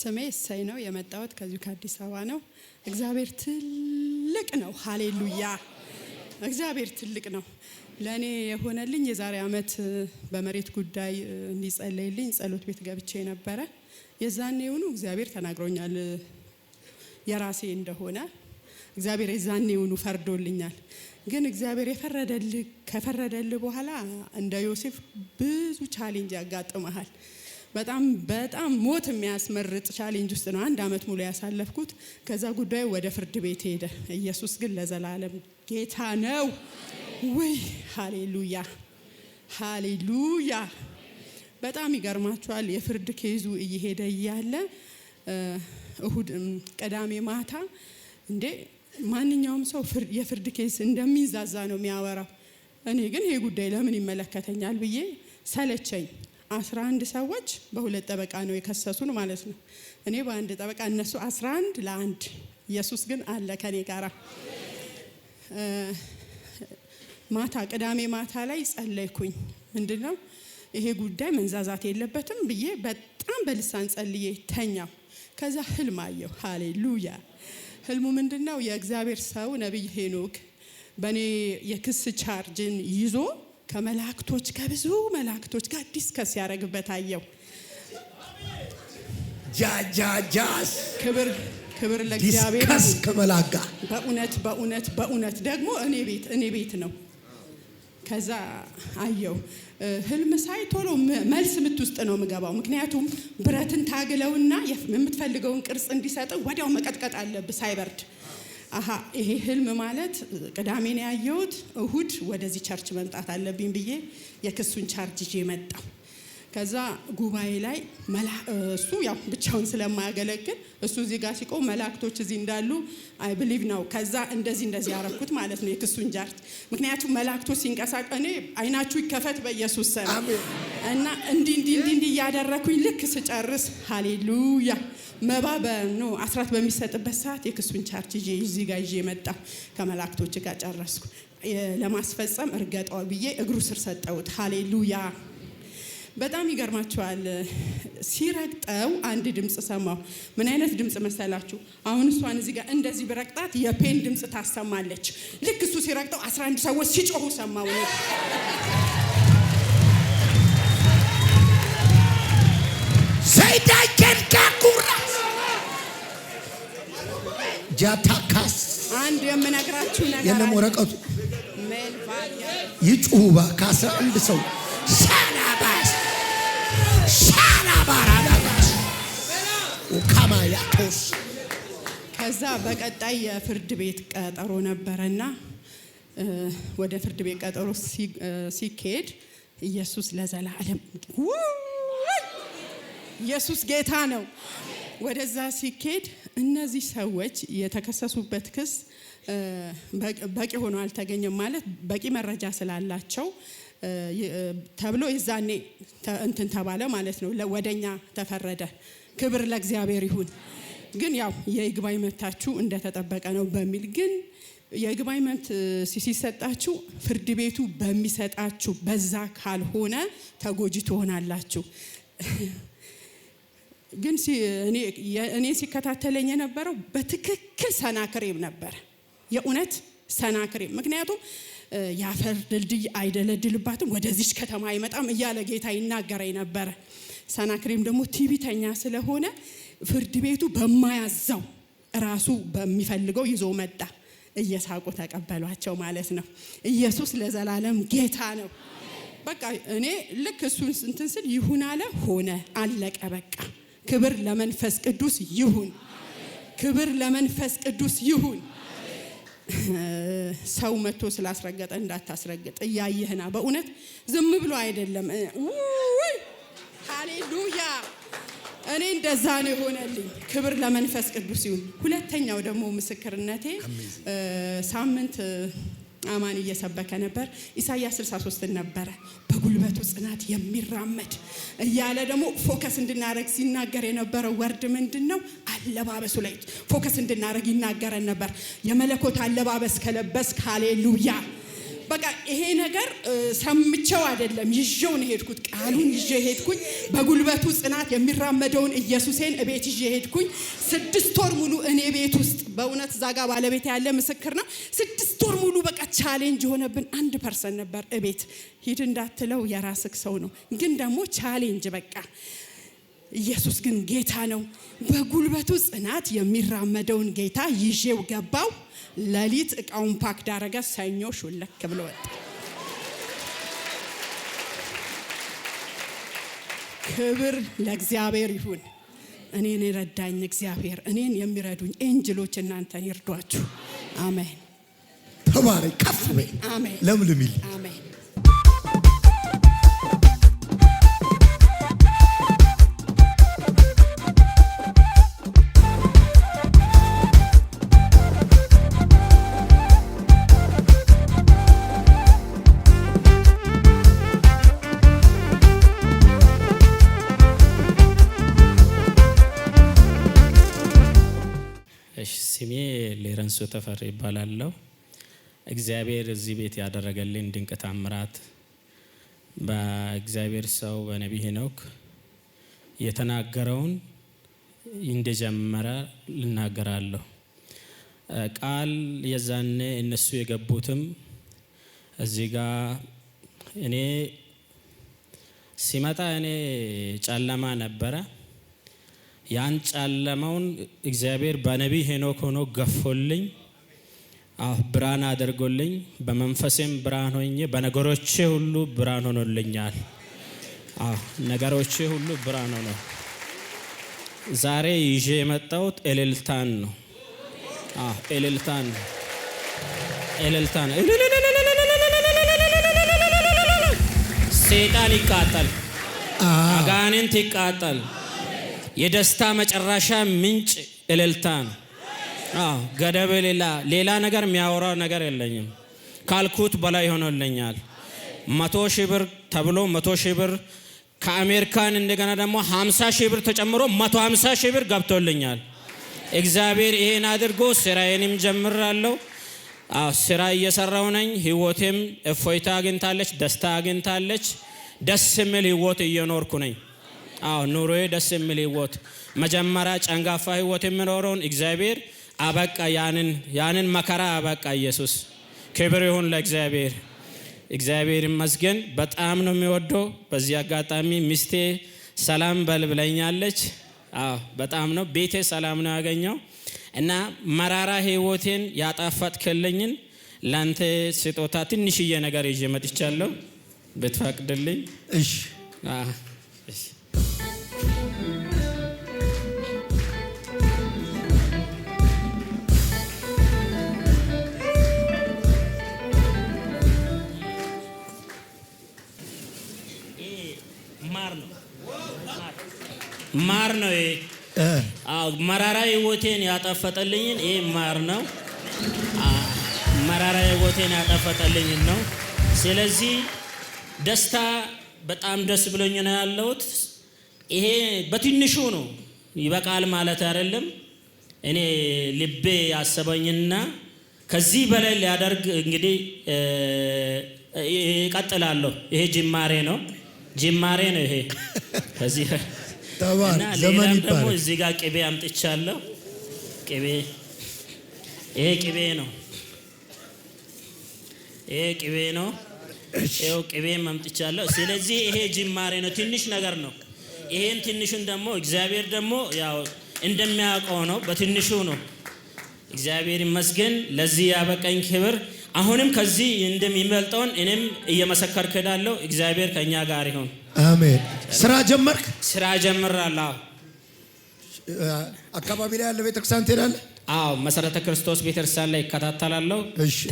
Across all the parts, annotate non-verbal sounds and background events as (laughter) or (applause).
ስሜ እሰይ ነው። የመጣሁት ከዚሁ ከአዲስ አበባ ነው። እግዚአብሔር ትልቅ ነው። ሀሌሉያ! እግዚአብሔር ትልቅ ነው። ለእኔ የሆነልኝ የዛሬ ዓመት በመሬት ጉዳይ እንዲጸለይልኝ ጸሎት ቤት ገብቼ ነበረ። የዛኔ የሆኑ እግዚአብሔር ተናግሮኛል የራሴ እንደሆነ እግዚአብሔር የዛኔ የሆኑ ፈርዶልኛል። ግን እግዚአብሔር የፈረደልህ ከፈረደልህ በኋላ እንደ ዮሴፍ ብዙ ቻሌንጅ ያጋጥመሃል። በጣም በጣም ሞት የሚያስመርጥ ቻሌንጅ ውስጥ ነው አንድ አመት ሙሉ ያሳለፍኩት። ከዛ ጉዳዩ ወደ ፍርድ ቤት ሄደ። ኢየሱስ ግን ለዘላለም ጌታ ነው። ውይ ሃሌሉያ ሃሌሉያ። በጣም ይገርማችኋል። የፍርድ ኬዙ እየሄደ እያለ እሁድ ቅዳሜ ማታ እንዴ ማንኛውም ሰው የፍርድ ኬዝ እንደሚንዛዛ ነው የሚያወራው። እኔ ግን ይሄ ጉዳይ ለምን ይመለከተኛል ብዬ ሰለቸኝ። አስራ አንድ ሰዎች በሁለት ጠበቃ ነው የከሰሱን ማለት ነው። እኔ በአንድ ጠበቃ እነሱ አስራ አንድ ለአንድ ኢየሱስ ግን አለ ከኔ ጋር ማታ ቅዳሜ ማታ ላይ ጸለይኩኝ። ምንድን ነው ይሄ ጉዳይ መንዛዛት የለበትም ብዬ በጣም በልሳን ጸልዬ ተኛው። ከዛ ህልም አየሁ። ሃሌሉያ! ህልሙ ምንድን ነው? የእግዚአብሔር ሰው ነቢይ ሄኖክ በእኔ የክስ ቻርጅን ይዞ ከመላእክቶች ከብዙ መላእክቶች ጋር ዲስከስ ያደረግበት አየው። ጃጃጃስ ክብር ክብር ለእግዚአብሔር ዲስከስ ከመላጋ በእውነት በእውነት በእውነት ደግሞ እኔ ቤት እኔ ቤት ነው። ከዛ አየው ህልም ሳይ ቶሎ መልስ ምት ውስጥ ነው የምገባው። ምክንያቱም ብረትን ታግለውና የምትፈልገውን ቅርጽ እንዲሰጥ ወዲያው መቀጥቀጥ አለብህ ሳይበርድ አሀ ይሄ ህልም ማለት ነው ያየሁት እሁድ ወደዚህ ቸርች መምጣት አለብኝ ብዬ የክሱን ቻርጅ ይዤ መጣሁ። ከዛ ጉባኤ ላይ እሱ ያው ብቻውን ስለማያገለግል እሱ እዚህ ጋር ሲቆም መላእክቶች እዚህ እንዳሉ አይ ብሊቭ ነው። ከዛ እንደዚህ እንደዚህ ያረኩት ማለት ነው የክሱን ጃርት ምክንያቱም መላእክቶች ሲንቀሳቀ እኔ አይናችሁ ይከፈት በኢየሱስ ስም እና እንዲህ እንዲህ እንዲህ እያደረኩኝ ልክ ስጨርስ ሃሌሉያ መባ በኖ አስራት በሚሰጥበት ሰዓት የክሱን ቻርች ይዤ እዚህ ጋር ይዤ መጣሁ። ከመላእክቶች ጋር ጨረስኩ። ለማስፈጸም እርገጠው ብዬ እግሩ ስር ሰጠሁት። ሃሌሉያ። በጣም ይገርማቸዋል። ሲረግጠው አንድ ድምፅ ሰማሁ። ምን አይነት ድምፅ መሰላችሁ? አሁን እሷን እዚህ ጋር እንደዚህ ብረግጣት የፔን ድምፅ ታሰማለች። ልክ እሱ ሲረግጠው 11 ሰዎች ሲጮሁ ሰማሁ። ጃታካስ አንድ የምነግራችሁ ነገር የለም። ወረቀቱ ይጩባ ከአስራ አንድ ሰው ሻናባስ ሻናባራዳባስ ካማያቶስ ከዛ በቀጣይ የፍርድ ቤት ቀጠሮ ነበረና ወደ ፍርድ ቤት ቀጠሮ ሲካሄድ ኢየሱስ ለዘላለም ኢየሱስ ጌታ ነው። ወደዛ ሲኬድ እነዚህ ሰዎች የተከሰሱበት ክስ በቂ ሆኖ አልተገኘም ማለት በቂ መረጃ ስላላቸው ተብሎ የዛኔ እንትን ተባለ ማለት ነው። ወደኛ ተፈረደ። ክብር ለእግዚአብሔር ይሁን። ግን ያው የይግባኝ መብታችሁ እንደተጠበቀ ነው በሚል ግን የይግባኝ መብት ሲሰጣችሁ ፍርድ ቤቱ በሚሰጣችሁ በዛ ካልሆነ ተጎጂ ትሆናላችሁ። ግን እኔ ሲከታተለኝ የነበረው በትክክል ሰናክሬም ነበር የእውነት ሰናክሬም ምክንያቱም የአፈር ድልድይ አይደለድልባትም፣ ወደዚች ከተማ አይመጣም እያለ ጌታ ይናገረኝ ነበረ። ሰናክሬም ደግሞ ቲቪተኛ ስለሆነ ፍርድ ቤቱ በማያዘው ራሱ በሚፈልገው ይዞ መጣ። እየሳቁ ተቀበሏቸው ማለት ነው። ኢየሱስ ለዘላለም ጌታ ነው። በቃ እኔ ልክ እሱን ስንትን ስል ይሁን አለ ሆነ፣ አለቀ በቃ ክብር ለመንፈስ ቅዱስ ይሁን። ክብር ለመንፈስ ቅዱስ ይሁን። (laughs) ሰው መጥቶ ስላስረገጠ እንዳታስረግጥ እያየህና በእውነት ዝም ብሎ አይደለም። ሃሌሉያ! እኔ እንደዛ ነው የሆነልኝ። ክብር ለመንፈስ ቅዱስ ይሁን። ሁለተኛው ደግሞ ምስክርነቴ ሳምንት አማን እየሰበከ ነበር። ኢሳያስ 63 ነበረ በጉልበቱ ጽናት የሚራመድ እያለ ደግሞ ፎከስ እንድናደረግ ሲናገር የነበረው ወርድ ምንድን ነው? አለባበሱ ላይ ፎከስ እንድናደረግ ይናገረን ነበር። የመለኮት አለባበስ ከለበስ ካሌሉያ በቃ ይሄ ነገር ሰምቸው አይደለም ይዤው ነው ሄድኩት። ቃሉን ይዤ ሄድኩኝ። በጉልበቱ ጽናት የሚራመደውን ኢየሱሴን እቤት ይዤ ሄድኩኝ። ስድስት ወር ሙሉ እኔ ቤት ውስጥ በእውነት ዛጋ ባለቤት ያለ ምስክር ነው። ስድስት ወር ሙሉ በቃ ቻሌንጅ የሆነብን አንድ ፐርሰን ነበር። እቤት ሂድ እንዳትለው የራስክ ሰው ነው፣ ግን ደግሞ ቻሌንጅ በቃ ኢየሱስ ግን ጌታ ነው። በጉልበቱ ጽናት የሚራመደውን ጌታ ይዤው ገባው። ሌሊት እቃውን ፓክ ዳረገ። ሰኞ ሹለክ ብሎ ወጣ። ክብር ለእግዚአብሔር ይሁን። እኔን የረዳኝ እግዚአብሔር፣ እኔን የሚረዱኝ ኤንጅሎች እናንተን ይርዷችሁ። አሜን። ተባረክ። ከፍ በይ። አሜን። ለምልሚል አንሱ ተፈሪ ይባላለሁ። እግዚአብሔር እዚህ ቤት ያደረገልኝ ድንቅ ታምራት በእግዚአብሔር ሰው በነቢይ ሄኖክ የተናገረውን እንደጀመረ ልናገራለሁ። ቃል የዛኔ እነሱ የገቡትም እዚህ ጋ እኔ ሲመጣ እኔ ጨለማ ነበረ። ያን ጨለመውን እግዚአብሔር በነቢይ ሄኖክ ሆኖ ገፎልኝ ብርሃን አድርጎልኝ በመንፈሴም ብርሃን ሆኜ በነገሮቼ ሁሉ ብርሃን ሆኖልኛል። ነገሮቼ ሁሉ ብርሃን ሆኖ ዛሬ ይዤ የመጣሁት እልልታን ነው። እልልታን ነው። እልልታን ሴጣን ይቃጠል፣ አጋንንት ይቃጠል። የደስታ መጨረሻ ምንጭ እልልታ ነው። ገደብ ሌላ ሌላ ነገር የሚያወራ ነገር የለኝም። ካልኩት በላይ ሆኖልኛል። መቶ ሺህ ብር ተብሎ መቶ ሺህ ብር ከአሜሪካን እንደገና ደግሞ ሀምሳ ሺህ ብር ተጨምሮ መቶ ሀምሳ ሺህ ብር ገብቶልኛል። እግዚአብሔር ይሄን አድርጎ ስራዬንም ጀምራለሁ። ስራ እየሰራው ነኝ። ህይወቴም እፎይታ አግኝታለች፣ ደስታ አግኝታለች። ደስ የሚል ህይወት እየኖርኩ ነኝ። አዎ ኑሮዬ ደስ የሚል ህይወት መጀመሪያ ጨንጋፋ ህይወት የሚኖረውን እግዚአብሔር አበቃ። ያንን ያንን መከራ አበቃ። ኢየሱስ ክብር ይሁን ለእግዚአብሔር። እግዚአብሔር ይመስገን። በጣም ነው የሚወደው። በዚህ አጋጣሚ ሚስቴ ሰላም በል ብለኛለች። አዎ በጣም ነው ቤቴ ሰላም ነው ያገኘው እና መራራ ህይወቴን ያጣፈጥክልኝን ለአንተ ስጦታ ትንሽዬ ነገር ይዤ መጥቻለሁ ብትፈቅድልኝ። እሺ ማር ነው ይሄ። መራራ ህይወቴን ያጠፈጠልኝን ይሄ ማር ነው። መራራ ህይወቴን ያጠፈጠልኝን ነው። ስለዚህ ደስታ በጣም ደስ ብሎኝ ነው ያለሁት። ይሄ በትንሹ ነው ይበቃል ማለት አይደለም። እኔ ልቤ ያሰበኝና ከዚህ በላይ ሊያደርግ እንግዲህ ይቀጥላለሁ። ይሄ ጅማሬ ነው፣ ጅማሬ ነው ይሄ ከዚህ እና ሌላም ደግሞ እዚህ ጋር ቅቤ አምጥቻለሁ። ቅቤ ይሄ ቅቤ ነው። ይሄ ቅቤ ነው። ይኸው ቅቤም አምጥቻለሁ። ስለዚህ ይሄ ጅማሬ ነው፣ ትንሽ ነገር ነው። ይሄን ትንሹን ደግሞ እግዚአብሔር ደግሞ ያው እንደሚያውቀው ነው፣ በትንሹ ነው። እግዚአብሔር ይመስገን ለዚህ ያበቀኝ ክብር አሁንም ከዚህ እንደሚመልጠውን እኔም እየመሰከርክ እላለሁ። እግዚአብሔር ከእኛ ጋር ይሁን። አሜን። ስራ ጀመርክ? ስራ ጀምራለሁ። አካባቢ ላይ ያለ ቤተክርስቲያን ትሄዳለህ? አዎ፣ መሰረተ ክርስቶስ ቤተክርስቲያን ላይ ይከታተላለሁ።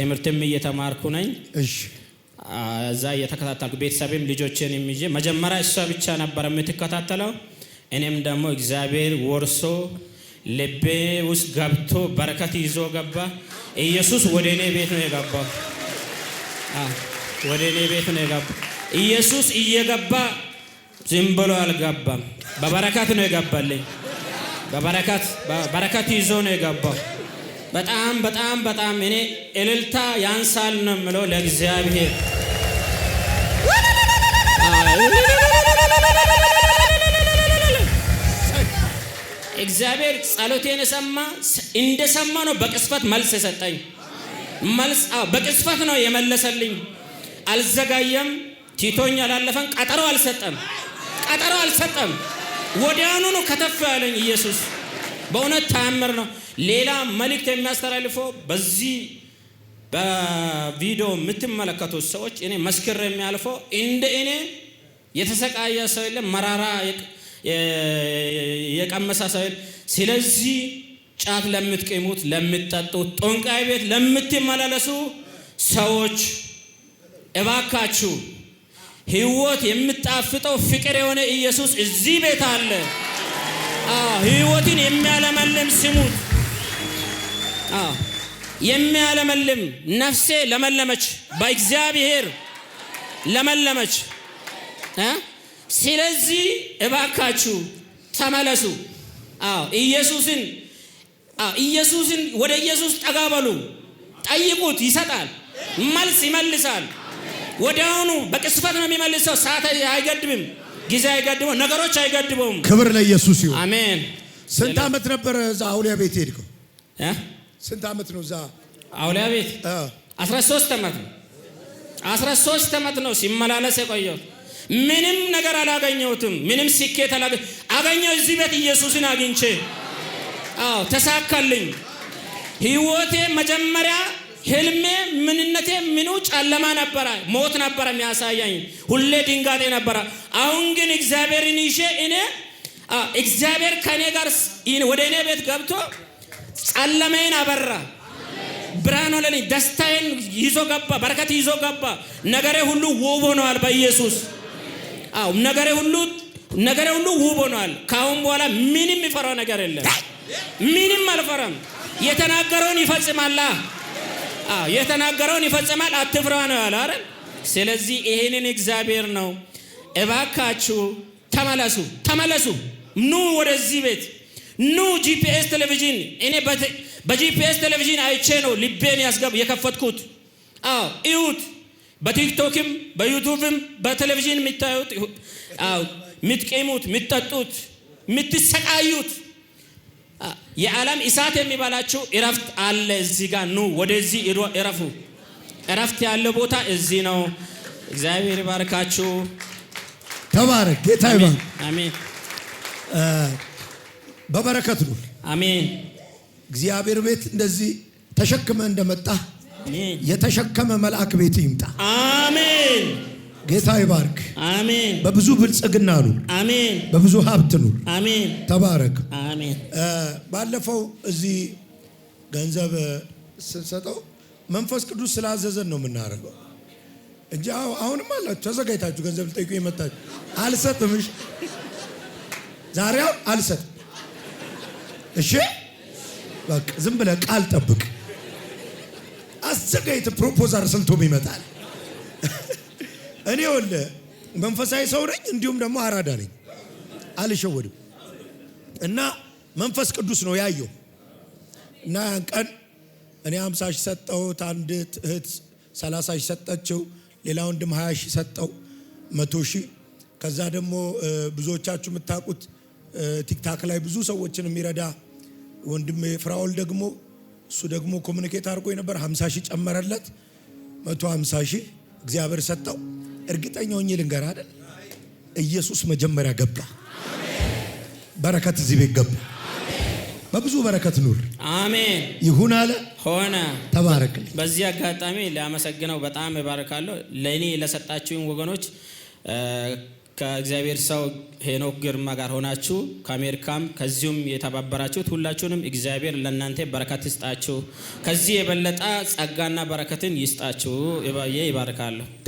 ትምህርትም እየተማርኩ ነኝ። እሺ እዛ እየተከታተልኩ ቤተሰብም ልጆችን ይዤ መጀመሪያ እሷ ብቻ ነበር የምትከታተለው። እኔም ደግሞ እግዚአብሔር ወርሶ ልቤ ውስጥ ገብቶ በረከት ይዞ ገባ። ኢየሱስ ወደ እኔ ቤት ነው የገባው። ወደ እኔ ቤት ነው የገባ። ኢየሱስ እየገባ ዝም ብሎ አልገባም። በበረከት ነው የገባልኝ። በበረከት ይዞ ነው የገባው። በጣም በጣም በጣም እኔ እልልታ ያንሳል ነው የምለው ለእግዚአብሔር እግዚአብሔር ጸሎቴን ሰማ። እንደሰማ ነው በቅስፈት መልስ የሰጠኝ። መልስ በቅስፈት ነው የመለሰልኝ። አልዘጋየም። ቲቶኝ አላለፈን። ቀጠሮ አልሰጠም። ቀጠሮ አልሰጠም። ወዲያኑ ነው ከተፍ ያለኝ ኢየሱስ። በእውነት ተአምር ነው። ሌላ መልእክት የሚያስተላልፈው በዚህ በቪዲዮ የምትመለከቱት ሰዎች እኔ መስክር የሚያልፈው እንደ እኔ የተሰቃየ ሰው የለም መራራ የቀመሰ ሰው ስለዚህ ጫት ለምትቀሙት ለምትጠጡት፣ ጦንቃይ ቤት ለምትመላለሱ ሰዎች እባካችሁ ህይወት የምጣፍጠው ፍቅር የሆነ ኢየሱስ እዚህ ቤት አለ። ህይወትን የሚያለመልም ስሙት፣ የሚያለመልም ነፍሴ ለመለመች፣ በእግዚአብሔር ለመለመች። ስለዚህ እባካችሁ ተመለሱ። አዎ ኢየሱስን ኢየሱስን ወደ ኢየሱስ ጠጋ በሉ፣ ጠይቁት፣ ይሰጣል፣ መልስ ይመልሳል። ወዲያውኑ በቅስፈት ነው የሚመልሰው። ሰዓት አይገድምም? ጊዜ አይገድበው፣ ነገሮች አይገድመውም? ክብር ለኢየሱስ ይሁን። አሜን። ስንት ዓመት ነበር እዛ አውሊያ ቤት ሄድከው? ስንት ዓመት ነው እዛ አውሊያ ቤት? 13 ዓመት ነው። 13 ዓመት ነው ሲመላለስ የቆየው ምንም ነገር አላገኘሁትም። ምንም ስኬት አላገ አገኘው እዚህ ቤት ኢየሱስን አግኝቼ አዎ ተሳካልኝ። ህይወቴ መጀመሪያ ህልሜ ምንነቴ ምኑ ጨለማ ነበረ፣ ሞት ነበረ የሚያሳያኝ፣ ሁሌ ድንጋጤ ነበረ። አሁን ግን እግዚአብሔርን ይዤ እኔ እግዚአብሔር ከእኔ ጋር ወደ እኔ ቤት ገብቶ ጨለማዬን አበራ ብርሃን ሆነልኝ። ደስታዬን ይዞ ገባ፣ በረከት ይዞ ገባ። ነገሬ ሁሉ ውብ ሆነዋል በኢየሱስ አው ነገሬ ሁሉ ነገሬ ሁሉ ውብ ሆኗል። ከአሁን በኋላ ምንም የሚፈራው ነገር የለም። ምንም አልፈራም። የተናገረውን ይፈጽማል። አዎ የተናገረውን ይፈጽማል። አትፍራ ነው ያለ አይደል? ስለዚህ ይሄንን እግዚአብሔር ነው። እባካችሁ ተመለሱ፣ ተመለሱ፣ ኑ ወደዚህ ቤት ኑ። ጂፒኤስ ቴሌቪዥን እኔ በጂፒኤስ ቴሌቪዥን አይቼ ነው ልቤን ያስገብ የከፈትኩት። አዎ እዩት። በቲክቶክም በዩቱብም በቴሌቪዥን የሚታዩት የምትቀሙት፣ የምትጠጡት፣ የምትሰቃዩት የዓለም እሳት የሚባላችሁ እረፍት አለ እዚህ ጋር ኑ፣ ወደዚህ እረፉ። እረፍት ያለው ቦታ እዚህ ነው። እግዚአብሔር ይባርካችሁ። ተባረክ። ጌታ ይባርክ። አሜን። በበረከት ኑር። አሜን። እግዚአብሔር ቤት እንደዚህ ተሸክመ እንደመጣ የተሸከመ መልአክ ቤት ይምጣ። አሜን። ጌታ ይባርክ። አሜን። በብዙ ብልጽግና ኑር። አሜን። በብዙ ሀብት ኑር። አሜን። ተባረክ። አሜን። ባለፈው እዚህ ገንዘብ ስንሰጠው መንፈስ ቅዱስ ስላዘዘን ነው የምናደርገው እንጂ አሁንም አላችሁ ተዘጋጅታችሁ ገንዘብ ልጠይቁ የመጣችሁ አልሰጥም። እሺ፣ ዛሬ አልሰጥም። እሺ፣ በቃ ዝም ብለህ ቃል ጠብቅ። ዘጋይት ፕሮፖዛል ስንቶም ይመጣል። እኔ ወለ መንፈሳዊ ሰው ነኝ፣ እንዲሁም ደግሞ አራዳ ነኝ። አልሸወድም እና መንፈስ ቅዱስ ነው ያየው እና ያን ቀን እኔ ሀምሳ ሺህ ሰጠሁት። አንድ እህት ሰላሳ ሺህ ሰጠችው። ሌላ ወንድም ሀያ ሺህ ሰጠው፣ መቶ ሺህ ከዛ ደግሞ ብዙዎቻችሁ የምታውቁት ቲክታክ ላይ ብዙ ሰዎችን የሚረዳ ወንድም ፍራኦል ደግሞ እሱ ደግሞ ኮሚኒኬት አድርጎ ነበር። 50 ሺህ ጨመረለት፣ 150 ሺህ እግዚአብሔር ሰጠው። እርግጠኛ ሆኜ ልንገር አይደል ኢየሱስ መጀመሪያ ገባ። በረከት እዚህ ቤት ገባ። በብዙ በረከት ኑር። አሜን። ይሁን አለ ሆነ። ተባረክ። በዚህ አጋጣሚ ላመሰግነው በጣም እባርካለሁ ለእኔ ለሰጣችሁኝ ወገኖች ከእግዚአብሔር ሰው ሄኖክ ግርማ ጋር ሆናችሁ ከአሜሪካም ከዚሁም የተባበራችሁት ሁላችሁንም እግዚአብሔር ለእናንተ በረከት ይስጣችሁ። ከዚህ የበለጠ ጸጋና በረከትን ይስጣችሁ ይባርካለሁ።